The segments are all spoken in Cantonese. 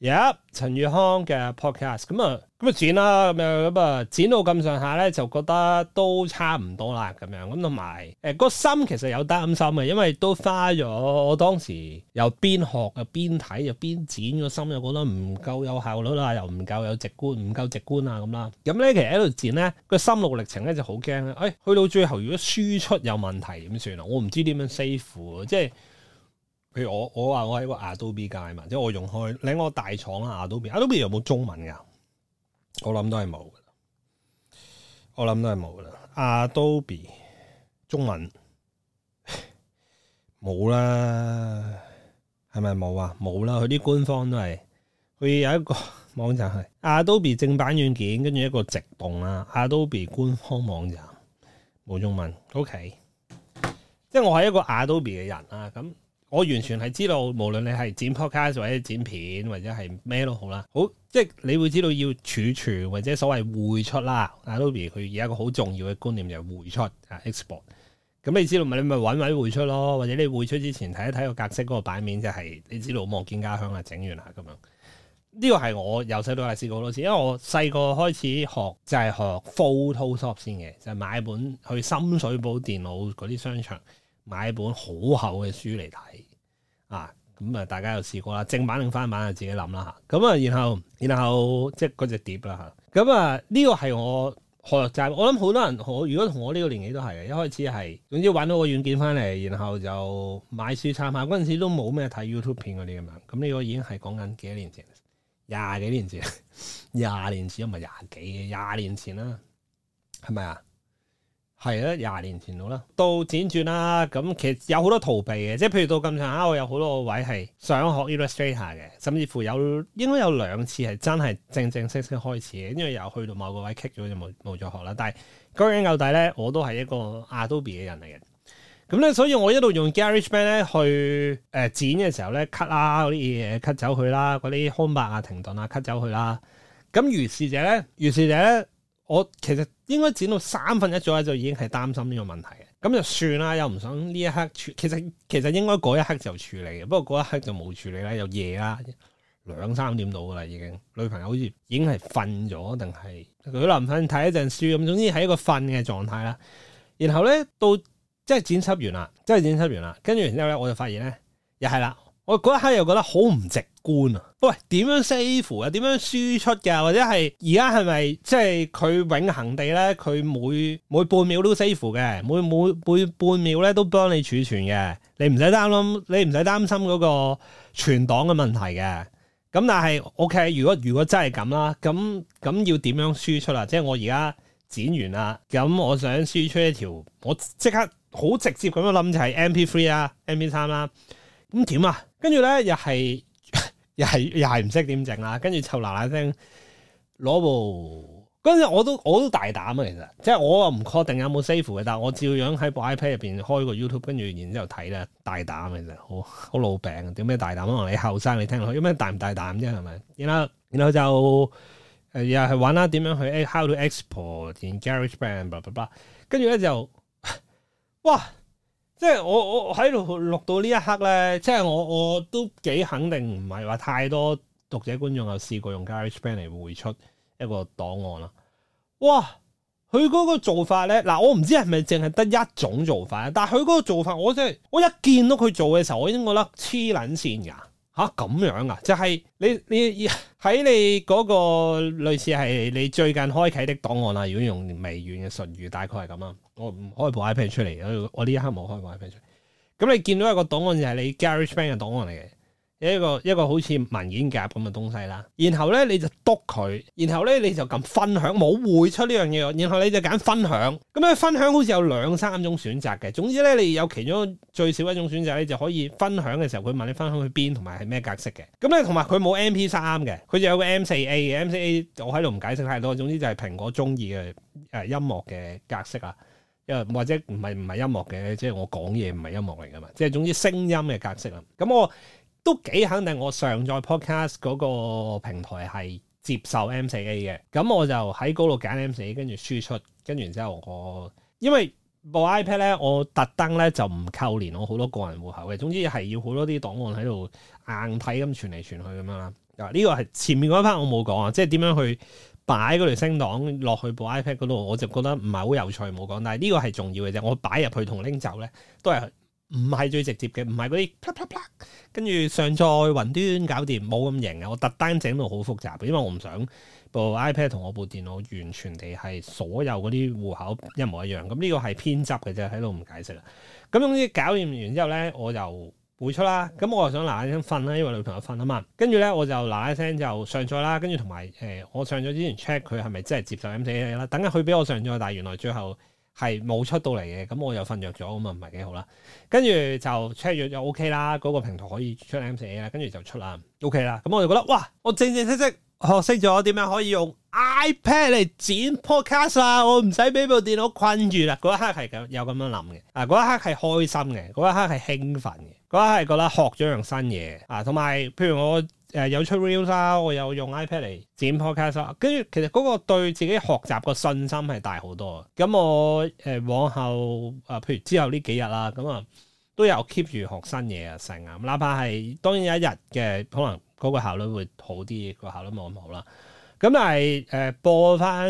呀，yeah, 陳宇康嘅 podcast，咁啊，咁啊剪啦，咁樣咁啊剪到咁上下咧，就覺得都差唔多啦，咁、欸、樣，咁同埋，誒個心其實有擔心啊，因為都花咗，我當時又邊學又邊睇又邊剪，個心又覺得唔夠有效率啦，又唔夠有直觀，唔夠直觀啊咁啦，咁咧其實喺度剪咧、個心路歷程咧就好驚咧，誒、欸、去到最後如果輸出有問題點算啊？我唔知點樣 save，即係。譬如我，我話我喺個 Adobe 界嘛，即係我用開。你我大廠啊。Adobe，Adobe 有冇中文噶？我諗都係冇噶，我諗都係冇啦。Adobe 中文冇啦，係咪冇啊？冇啦，佢啲官方都係佢有一個網站係 Adobe 正版軟件，跟住一個直動啦。Adobe 官方網站冇中文，OK。即係我係一個 Adobe 嘅人啊。咁。我完全係知道，無論你係剪 podcast 或者剪片或者係咩都好啦，好即係你會知道要儲存或者所謂匯出啦。Adobe 佢而家一個好重要嘅觀念就係匯出啊 export。咁、嗯、你知道咪你咪揾位匯出咯，或者你匯出之前睇一睇個格式嗰個版面就係、是、你知道望見家鄉啊整完啊咁樣。呢個係我由細到大試過好多次，因為我細個開始學就係學 Photoshop 先嘅，就係就係、買本去深水埗電腦嗰啲商場。買一本好厚嘅書嚟睇啊，咁啊大家又試過啦，正版定翻版就自己諗啦嚇。咁啊，然後然後即係嗰隻碟啦嚇。咁啊呢個係我學習，我諗好多人，我如果同我呢個年紀都係嘅，一開始係總之揾到個軟件翻嚟，然後就買書參考嗰陣時都冇咩睇 YouTube 片嗰啲咁樣。咁呢個已經係講緊幾多年前，廿幾年前，廿年前唔係廿幾嘅，廿年前啦，係咪啊？係啊，廿年前到啦，到輾轉啦，咁其實有好多逃避嘅，即係譬如到咁上下，我有好多個位係想學 Illustrator 嘅，甚至乎有應該有兩次係真係正正式式開始嘅，因為又去到某個位 cut 咗就冇冇再學啦。但係嗰陣由底咧，我都係一個 Adobe 嘅人嚟嘅，咁咧，所以我一路用 GarageBand 咧去誒、呃、剪嘅時候咧 cut 啦，嗰啲嘢 cut 走佢啦，嗰啲空白啊、停頓啊 cut 走佢啦，咁如是者咧，如是者咧。我其實應該剪到三分一左右，就已經係擔心呢個問題嘅，咁就算啦，又唔想呢一刻處，其實其實應該嗰一刻就處理嘅，不過嗰一刻就冇處理啦，又夜啦，兩三點到噶啦已經，女朋友好似已經係瞓咗，定係佢臨瞓睇一陣書咁，總之喺一個瞓嘅狀態啦。然後咧到即係剪輯完啦，即係剪輯完啦，跟住然之後咧我就發現咧又係啦。我嗰一刻又覺得好唔直觀啊！喂，點樣 save 啊？點樣輸出嘅？或者係而家係咪即係佢永恆地咧？佢每每半秒都 save 嘅，每每每半秒咧都幫你儲存嘅。你唔使擔心，你唔使擔心嗰個存檔嘅問題嘅。咁但係 OK，如果如果真係咁啦，咁咁要點樣輸出啊？即係我而家剪完啦，咁我想輸出一條，我即刻好直接咁樣諗就係、是、MP3 啊、MP3 啦。咁點啊？跟住咧，又係又係又係唔識點整啦。跟住臭嗱嗱聲，攞部嗰陣我都我都大膽啊！其實即係我又唔確定有冇 save 嘅，但係我照樣喺部 iPad 入邊開個 YouTube，跟住然之後睇咧，大膽其實好好老餅，啊！點咩大膽啊？你後生你聽落去，有咩大唔大膽啫？係咪？然後然後就誒、呃、又係玩啦、啊，點樣去 how to export in GarageBand，跟住咧就哇！嘩即係我我喺度錄到呢一刻咧，即係我我都幾肯定唔係話太多讀者觀眾有試過用 GarageBand 嚟匯出一個檔案啦。哇！佢嗰個做法咧，嗱我唔知係咪淨係得一種做法啊。但係佢嗰個做法，我真係我一見到佢做嘅時候，我已經覺得黐捻線噶。吓，咁、啊、樣啊！就係、是、你你喺你嗰個類似係你最近開啟的檔案啊！如果用微軟嘅術語，大概係咁啊！我唔開部 iPad 出嚟，我呢一刻冇開部 iPad 出嚟。咁你見到一個檔案就係你 GarageBand 嘅檔案嚟嘅。一個一個好似文件夾咁嘅東西啦，然後咧你就督佢，然後咧你就撳分享，冇會出呢樣嘢，然後你就揀分享。咁咧分享好似有兩三種選擇嘅，總之咧你有其中最少一種選擇，你就可以分享嘅時候，佢問你分享去邊同埋係咩格式嘅。咁咧同埋佢冇 MP3 嘅，佢就有個 M4A 嘅 M4A，我喺度唔解釋太多，總之就係蘋果中意嘅誒音樂嘅格式啊，又或者唔係唔係音樂嘅，即係我講嘢唔係音樂嚟噶嘛，即係總之聲音嘅格式啦。咁我。都幾肯定，我上載 podcast 嗰個平台係接受 M4A 嘅，咁我就喺嗰度揀 M4A，跟住輸出，跟住之後我因為部 iPad 咧，我特登咧就唔扣連我好多個人戶口嘅，總之係要好多啲檔案喺度硬體咁傳嚟傳去咁樣啦。嗱，呢個係前面嗰一 part 我冇講啊，即係點樣去擺嗰條聲檔落去部 iPad 嗰度，我就覺得唔係好有趣，冇講。但係呢個係重要嘅啫，我擺入去同拎走咧都係。唔係最直接嘅，唔係嗰啲跟住上載雲端搞掂，冇咁型啊！我特登整到好複雜，因為我唔想部 iPad 同我部電腦完全地係所有嗰啲戶口一模一樣。咁呢個係偏執嘅啫，喺度唔解釋啦。咁總之搞掂完之後呢，我就會出啦。咁我又想嗱一聲瞓啦，因為女朋友瞓啊嘛。跟住呢，我就嗱一聲就上載啦。跟住同埋誒，我上載之前 check 佢係咪真係接受 M4A 啦。等下佢俾我上載，但係原來最後。係冇出到嚟嘅，咁我又瞓着咗咁啊，唔係幾好啦。跟住就 check 完又 OK 啦，嗰、嗰個平台可以出 M4A 啦，跟住就出啦，OK 啦。咁我，我就覺得哇，我正正式式。」學識咗點樣可以用 iPad 嚟剪 podcast 啦、啊，我唔使俾部電腦困住啦。嗰一刻係咁有咁樣諗嘅，啊嗰一刻係開心嘅，嗰一刻係興奮嘅，嗰一刻係覺得學咗樣新嘢啊，同埋譬如我誒有出 reels 啦、啊，我又用 iPad 嚟剪 podcast 跟、啊、住其實嗰個對自己學習個信心係大好多。咁我誒、呃、往後誒、啊，譬如之後呢幾日啦、啊，咁、嗯、啊都有 keep 住學新嘢啊成，哪怕係當然有一日嘅可能。嗰個效率會好啲，個效率冇咁好啦。咁但係誒播翻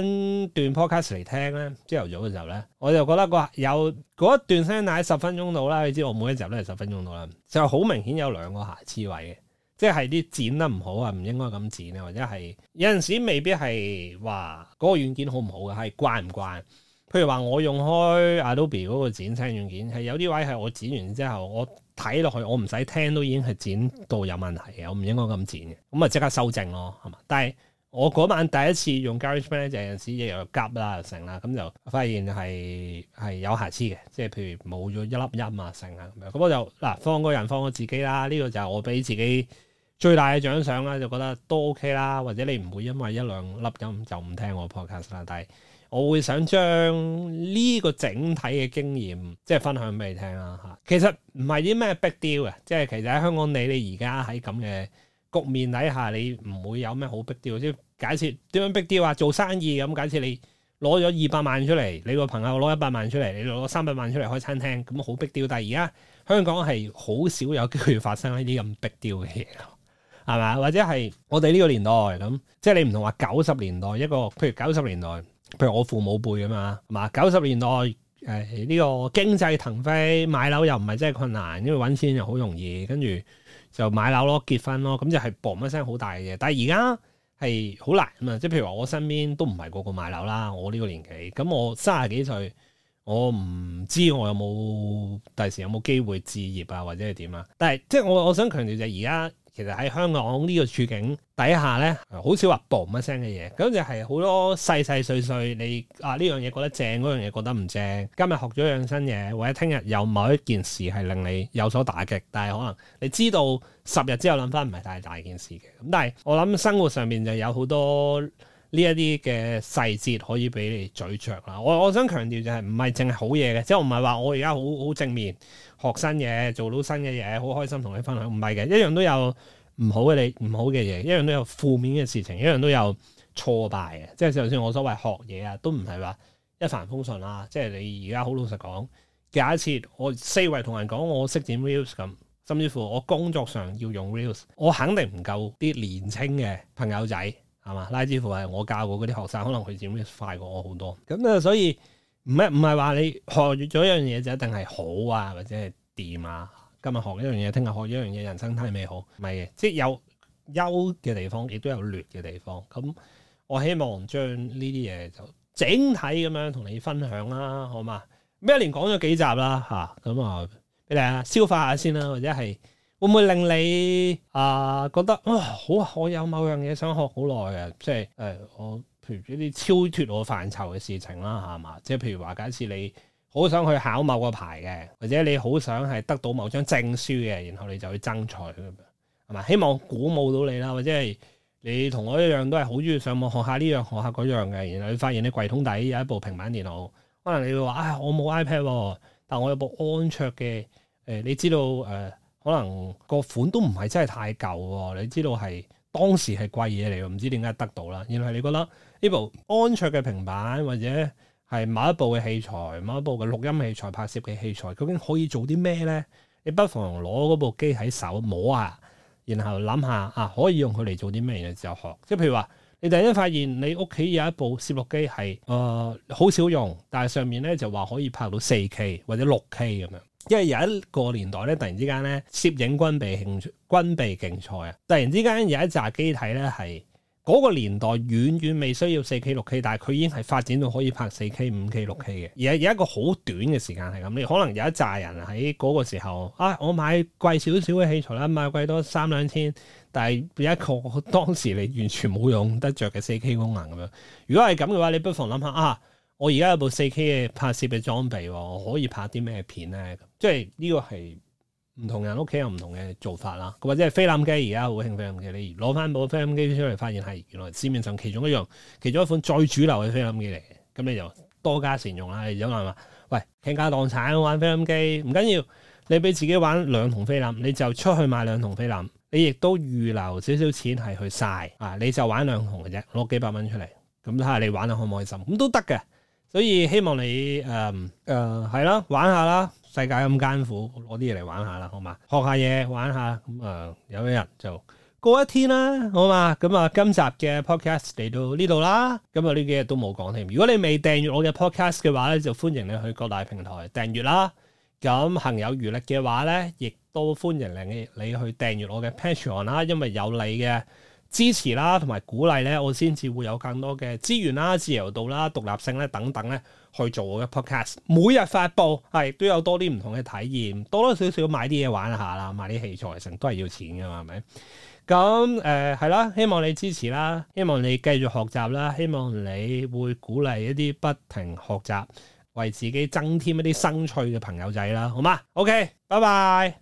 段 podcast 嚟聽咧，朝頭早嘅時候咧，我就覺得個有嗰一段聲帶十分鐘到啦，你知我每一集都係十分鐘到啦，就好明顯有兩個瑕疵位嘅，即係啲剪得唔好啊，唔應該咁剪啊，或者係有陣時未必係話嗰個軟件好唔好嘅，係慣唔慣？譬如話我用開 Adobe 嗰個剪聲軟件，係有啲位係我剪完之後我。睇落去，我唔使聽都已經係剪到有問題嘅，我唔應該咁剪嘅，咁啊即刻修正咯，係嘛？但係我嗰晚第一次用 GarageBand 就有時嘢又有急啦，又成啦，咁就發現係係有瑕疵嘅，即係譬如冇咗一粒音啊，成啊咁，我就嗱放個人放我自己啦，呢、這個就係我俾自己最大嘅獎賞啦，就覺得都 OK 啦。或者你唔會因為一兩粒音就唔聽我 podcast 啦，但係。我會想將呢個整體嘅經驗，即係分享俾你聽啦嚇。其實唔係啲咩逼屌嘅，即係其實喺香港你你而家喺咁嘅局面底下，你唔會有咩好逼屌。即係假設點樣逼屌啊？做生意咁，假設你攞咗二百萬出嚟，你個朋友攞一百萬出嚟，你攞三百萬出嚟開餐廳，咁好逼屌。但係而家香港係好少有機會發生呢啲咁逼屌嘅嘢，係咪？或者係我哋呢個年代咁，即係你唔同話九十年代一個，譬如九十年代。譬如我父母輩啊嘛，嘛九十年代誒呢、哎呢個經濟騰飛，買樓又唔係真係困難，因為揾錢又好容易，跟住就買樓咯，結婚咯，咁就係 boom 一聲好大嘅嘢。但係而家係好難咁啊！即係譬如話我身邊都唔係個個買樓啦，我呢個年紀，咁我三十幾歲，我唔知我有冇第時有冇機會置業啊，或者係點啦？但係即係我我想強調就係而家。其實喺香港呢個處境底下呢，好少話 boom 一聲嘅嘢，咁就係好多細細碎碎，你啊呢樣嘢覺得正，嗰樣嘢覺得唔正，今日學咗一樣新嘢，或者聽日有某一件事係令你有所打擊，但係可能你知道十日之後諗翻唔係太大件事嘅，咁但係我諗生活上面就有好多。呢一啲嘅細節可以俾你咀嚼啦。我我想強調就係唔係淨係好嘢嘅，即係唔係話我而家好好正面學新嘢，做到新嘅嘢，好開心同你分享。唔係嘅，一樣都有唔好嘅，你唔好嘅嘢，一樣都有負面嘅事情，一樣都有挫敗嘅。即係就算我所謂學嘢啊，都唔係話一帆風順啦。即係你而家好老實講，假設我四圍同人講我識點 reels 咁，甚至乎我工作上要用 reels，我肯定唔夠啲年青嘅朋友仔。係嘛？拉之付係我教過嗰啲學生，可能佢點樣快過我好多。咁啊，所以唔係唔係話你學完咗一樣嘢就一定係好啊，或者係掂啊？今日學一樣嘢，聽日學一樣嘢，人生太美好，唔係嘅。即係有優嘅地方，亦都有劣嘅地方。咁我希望將呢啲嘢就整體咁樣同你分享啦，啊，好嘛？咩一連講咗幾集啦，吓咁啊，俾你啊，消化下先啦，啊，或者係。會唔會令你啊、呃、覺得哇好啊？我有某樣嘢想學好耐嘅，即係誒、哎，我譬如呢啲超脱我範疇嘅事情啦，係嘛？即係譬如話，假設你好想去考某個牌嘅，或者你好想係得到某張證書嘅，然後你就去爭取，係嘛？希望鼓舞到你啦，或者係你同我一樣都係好中意上網學下呢樣學下嗰樣嘅，然後你發現你櫃桶底有一部平板電腦，可能你會話啊、哎，我冇 iPad，喎、但我有部安卓嘅誒、哎，你知道誒？呃呃可能個款都唔係真係太舊喎，你知道係當時係貴嘢嚟，唔知點解得到啦。原來你覺得呢部安卓嘅平板，或者係某一部嘅器材、某一部嘅錄音器材、拍攝嘅器材，究竟可以做啲咩咧？你不妨攞嗰部機喺手摸下，然後諗下嚇、啊，可以用佢嚟做啲咩。然後就學，即係譬如話，你突然間發現你屋企有一部攝錄機係誒好少用，但係上面咧就話可以拍到四 K 或者六 K 咁樣。因為有一個年代咧，突然之間咧，攝影軍備競軍備競賽啊！突然之間有一紮機體咧，係嗰個年代遠遠未需要四 K 六 K，但係佢已經係發展到可以拍四 K 五 K 六 K 嘅。而家有一個好短嘅時間係咁，你可能有一紮人喺嗰個時候啊，我買貴少少嘅器材啦，買貴多三兩千，但係有一個當時你完全冇用得着嘅四 K 功能咁樣。如果係咁嘅話，你不妨諗下啊～我而家有部四 K 嘅拍攝嘅裝備，我可以拍啲咩片咧？即係呢、這個係唔同人屋企有唔同嘅做法啦。或者係菲林機，而家好興菲林機。你攞翻部菲林機出嚟，發現係原來市面上其中一樣、其中一款最主流嘅菲林機嚟嘅。咁你就多加善用啦。有人話，喂，傾家蕩產玩菲林機唔緊要，你俾自己玩兩筒菲林，你就出去買兩筒菲林。你亦都預留少少錢係去嘥啊！你就玩兩筒嘅啫，攞幾百蚊出嚟，咁睇下你玩得開唔開心，咁都得嘅。所以希望你誒誒係啦，玩下啦，世界咁艱苦，攞啲嘢嚟玩下啦，好嘛？學下嘢，玩下咁誒、嗯，有啲人就過一天啦，好嘛？咁、嗯、啊，今集嘅 podcast 嚟到呢度啦，咁啊呢幾日都冇講添。如果你未訂閱我嘅 podcast 嘅話咧，就歡迎你去各大平台訂閱啦。咁、嗯、行有餘力嘅話咧，亦都歡迎你你去訂閱我嘅 patron 啦，因為有你嘅。支持啦，同埋鼓勵咧，我先至會有更多嘅資源啦、自由度啦、獨立性咧等等咧，去做我嘅 podcast，每日發布係都有多啲唔同嘅體驗，多多少少買啲嘢玩下啦，買啲器材成日都係要錢噶嘛，係咪？咁誒係啦，希望你支持啦，希望你繼續學習啦，希望你會鼓勵一啲不停學習，為自己增添一啲生趣嘅朋友仔啦，好嘛？OK，拜拜。